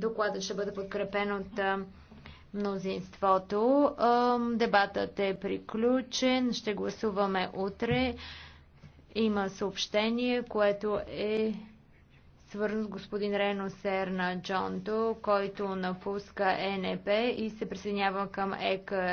докладът ще бъде подкрепен от мнозинството. Дебатът е приключен. Ще гласуваме утре. Има съобщение, което е свързано с господин Рено Серна Джонто, който напуска ЕНП и се присъединява към ЕК.